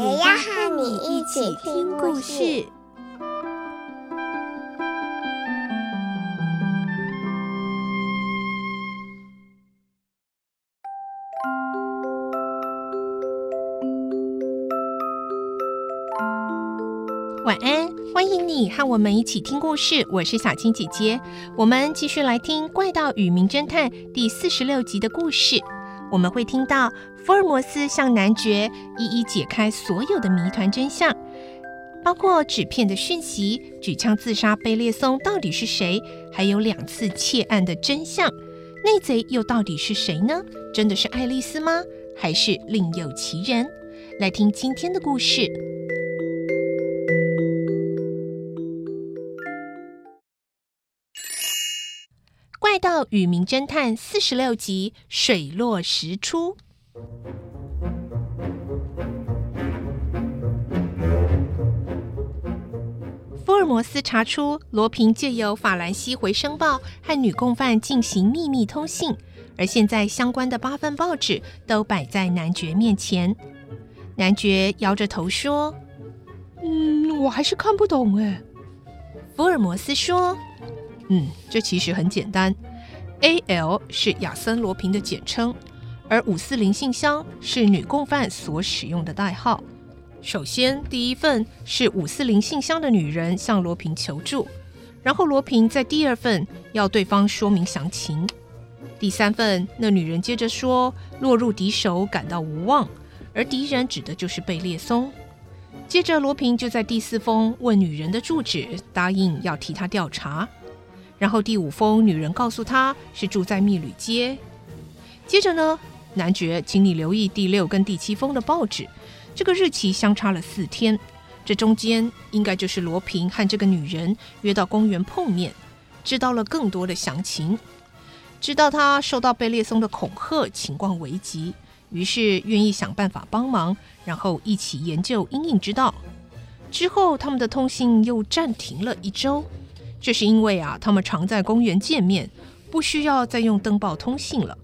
我要和你一起聽故事。晚安，歡迎你和我們一起聽故事。我是小青姐姐，我們繼續來聽《怪盜與名偵探》第四十六集的故事。我們會聽到福爾摩斯向男爵一一解開所有的謎團真相，包括紙片的訊息、舉槍自殺貝列松到底是誰，還有兩次竊案的真相，內賊又到底是誰呢？真的是愛麗絲嗎？還是另有其人？來聽今天的故事。盜《與名偵探46》四十六集水落石出。福爾摩斯查出羅平借由法蘭西回聲報和女共犯進行秘密通信，而現在相關的八份報紙都擺在男爵面前。男爵搖着頭說：“嗯，我還是看不懂哎。”福爾摩斯說：“嗯，這其實很簡單。” A.L. 是亞森·羅平的簡稱，而“五四零信箱”是女共犯所使用的代號。首先，第一份是“五四零信箱”的女人向羅平求助，然後羅平在第二份要對方說明詳情。第三份，那女人接着說落入敵手，感到無望，而敵人指的就是貝列松。接着，羅平就在第四封問女人的住址，答應要替她調查。然後第五封，女人告訴他是住在密旅街。接着呢，男爵，請你留意第六跟第七封的報紙，這個日期相差了四天。這中間應該就是羅平和這個女人約到公園碰面，知道了更多的詳情，知道他受到貝列松的恐嚇，情況危急，於是願意想辦法幫忙，然後一起研究陰影之道。之後他們的通信又暫停了一周。這是因為啊，他們常在公園見面，不需要再用登報通信了。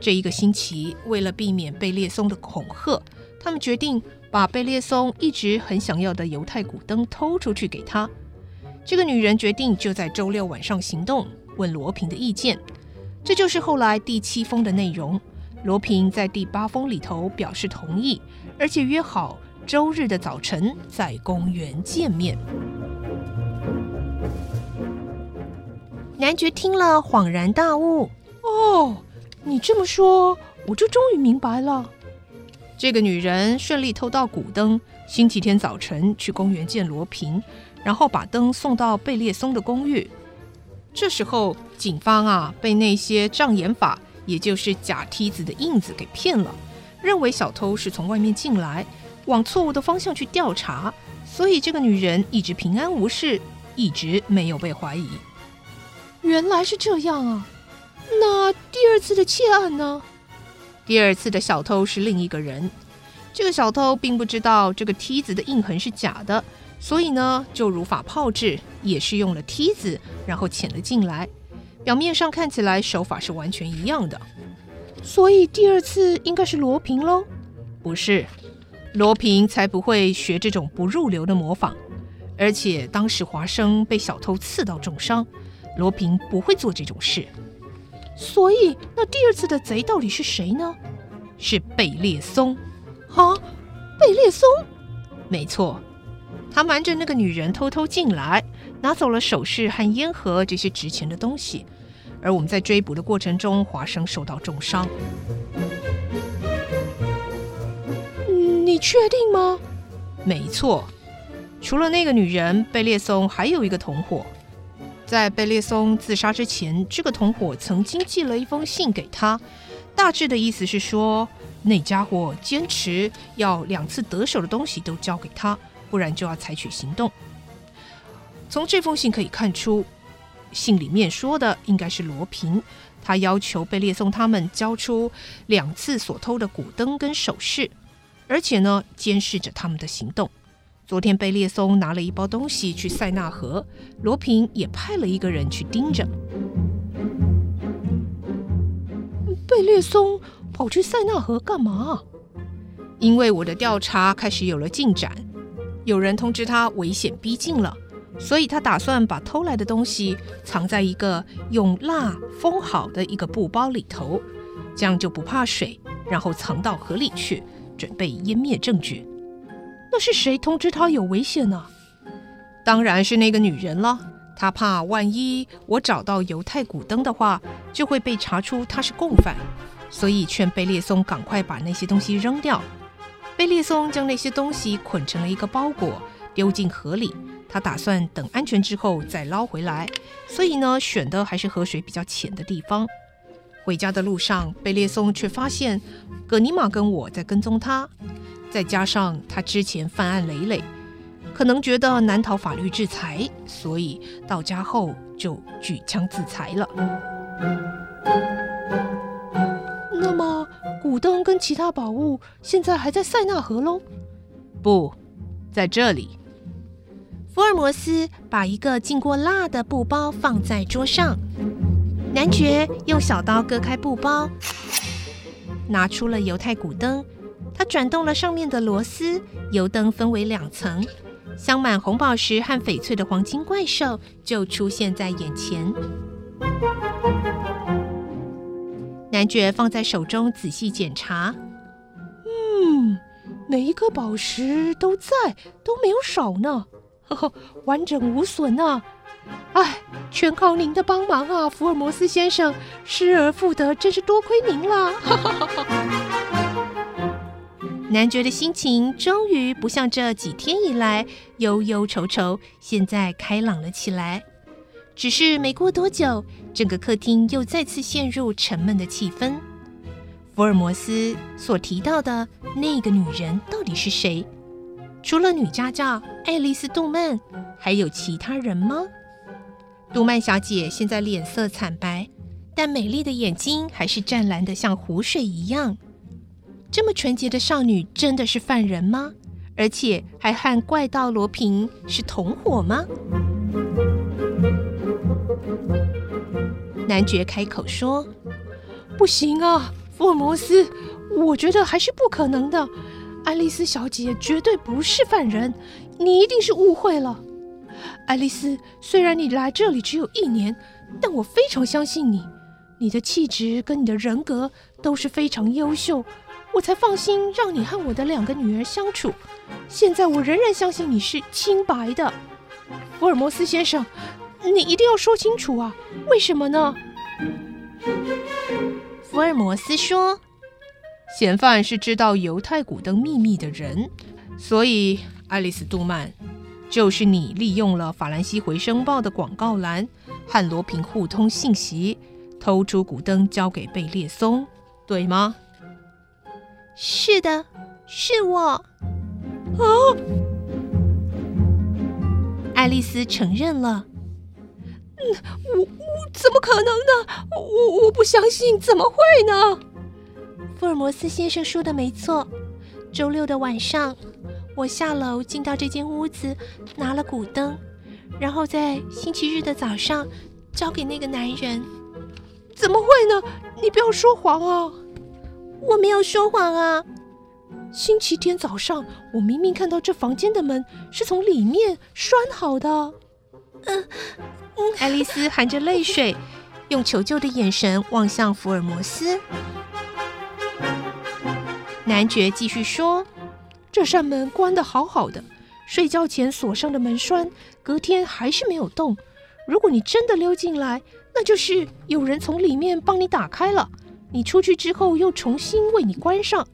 這一個星期，為了避免貝列松的恐嚇，他們決定把貝列松一直很想要的猶太古燈偷出去給他。這個女人決定就在周六晚上行動，問羅平的意見。這就是後來第七封的內容。羅平在第八封裡頭表示同意，而且約好周日的早晨在公園見面。男爵聽了，恍然大悟：“哦，你這麼說，我就終於明白了。這個女人順利偷到古燈，星期天早晨去公園見羅平，然後把燈送到貝列松的公寓。這時候，警方啊被那些障眼法，也就是假梯子的印子給騙了，認為小偷是從外面進來，往錯誤的方向去調查。所以，這個女人一直平安無事，一直沒有被懷疑。”原來是這樣啊，那第二次的竊案呢？第二次的小偷是另一個人，這個小偷並不知道這個梯子的印痕是假的，所以呢，就如法炮製，也是用了梯子，然後潛了進來。表面上看起來手法是完全一樣的，所以第二次應該是羅平嘍？不是，羅平才不會學這種不入流的模仿，而且當時華生被小偷刺到重傷。羅平不會做這種事，所以那第二次的賊到底是誰呢？是貝列松。啊？貝列松？沒錯，他瞞着那個女人偷偷進來，拿走了首飾和煙盒這些值錢的東西。而我們在追捕的過程中，華生受到重傷。嗯，你確定嗎？沒錯，除了那個女人，貝列松還有一個同夥。在貝列松自殺之前，這個同夥曾經寄了一封信給他，大致的意思是說，那家伙堅持要兩次得手的東西都交給他，不然就要採取行動。從這封信可以看出，信裡面說的應該是羅平，他要求貝列松他們交出兩次所偷的古燈跟首飾，而且呢，監視着他們的行動。昨天貝列松拿了一包東西去塞納河，羅平也派了一個人去盯着。貝列松跑去塞納河幹嘛？因為我的調查開始有了進展，有人通知他危險逼近了，所以他打算把偷來的東西藏在一個用蠟封好的一個布包裡頭，這樣就不怕水，然後藏到河裡去，準備湮滅證據。那是誰通知他有危險呢？當然是那個女人了。她怕萬一我找到猶太古燈的話，就會被查出她是共犯，所以勸貝列松趕快把那些東西扔掉。貝列松將那些東西捆成了一個包裹，丟進河裡。他打算等安全之後再撈回來，所以呢，選的還是河水比較淺的地方。回家的路上，貝列松卻發現，葛尼瑪跟我在跟蹤他。再加上他之前犯案累累，可能覺得難逃法律制裁，所以到家後就舉槍自裁了。那麼，古董跟其他寶物現在還在塞納河嘍？不，在這裡。福爾摩斯把一個浸過蠟的布包放在桌上。男爵用小刀割開布包，拿出了猶太古燈。他轉動了上面的螺絲，油燈分為兩層，鑲滿紅寶石和翡翠的黃金怪獸就出現在眼前。男爵放在手中仔細檢查，嗯，每一顆寶石都在，都沒有少呢，呵呵，完整無損呢，啊。哎。全靠您的幫忙啊，福爾摩斯先生！失而復得，真是多虧您了。 男爵的心情終於不像這幾天以來憂憂愁愁，現在開朗了起來。只是沒過多久，整個客廳又再次陷入沉悶的氣氛。福爾摩斯所提到的那個女人到底是誰？除了女家教艾莉絲·杜曼，還有其他人嗎？杜曼小姐現在臉色慘白，但美麗的眼睛還是湛藍的，像湖水一樣。這麼純潔的少女，真的是犯人嗎？而且還和怪盜羅平是同夥嗎？男爵開口說：“不行啊，福爾摩斯，我覺得還是不可能的。艾莉絲小姐絕對不是犯人，你一定是誤會了。”愛麗絲，雖然你來這裡只有一年，但我非常相信你。你的氣質跟你的人格都是非常優秀，我才放心讓你和我的兩個女兒相處。現在我仍然相信你是清白的，福爾摩斯先生，你一定要說清楚啊！為什麼呢？福爾摩斯說：“嫌犯是知道猶太古燈秘密的人，所以愛麗絲·杜曼。”就是你利用了《法蘭西回聲報》的廣告欄和羅平互通信息，偷出古燈交給貝列松，對嗎？是的，是我。啊！愛麗絲承認了。嗯，我我怎麼可能呢？我我不相信，怎麼會呢？福爾摩斯先生說的沒錯，周六的晚上。我下樓進到這間屋子，拿了古燈，然後在星期日的早上交給那個男人。怎麼會呢？你不要說謊啊！我沒有說謊啊！星期天早上，我明明看到這房間的門是從裡面拴好的。嗯嗯，艾莉絲含着淚水， 用求救的眼神望向福爾摩斯。男爵繼續說。這扇門關得好好的，睡覺前鎖上的門栓，隔天還是沒有動。如果你真的溜進來，那就是有人從裡面幫你打開了，你出去之後又重新為你關上。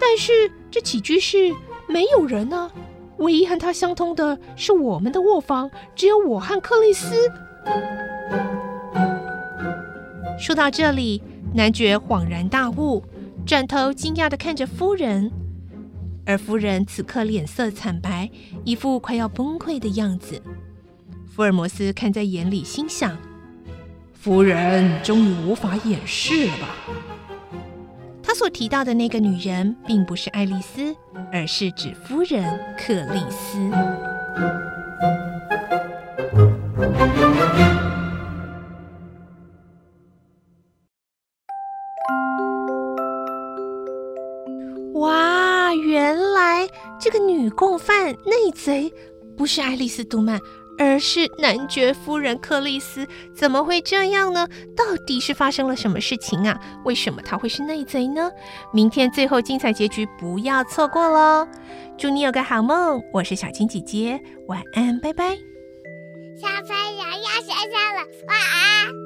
但是這起居室沒有人呢，啊，唯一和他相通的是我們的臥房，只有我和克里斯。說到這裡，男爵恍然大悟，轉頭驚訝地看着夫人。而夫人此刻臉色慘白，一副快要崩潰的樣子。福爾摩斯看在眼裡，心想：夫人終於無法掩飾了吧？他所提到的那個女人，並不是愛麗絲，而是指夫人克里斯。這個女共犯內賊不是愛麗絲·杜曼，而是男爵夫人克里斯，怎麼會這樣呢？到底是發生了什麼事情啊？為什麼她會是內賊呢？明天最後精彩結局不要錯過嘍！祝你有個好夢，我是小青姐姐，晚安，拜拜。小朋友要睡覺了，晚安。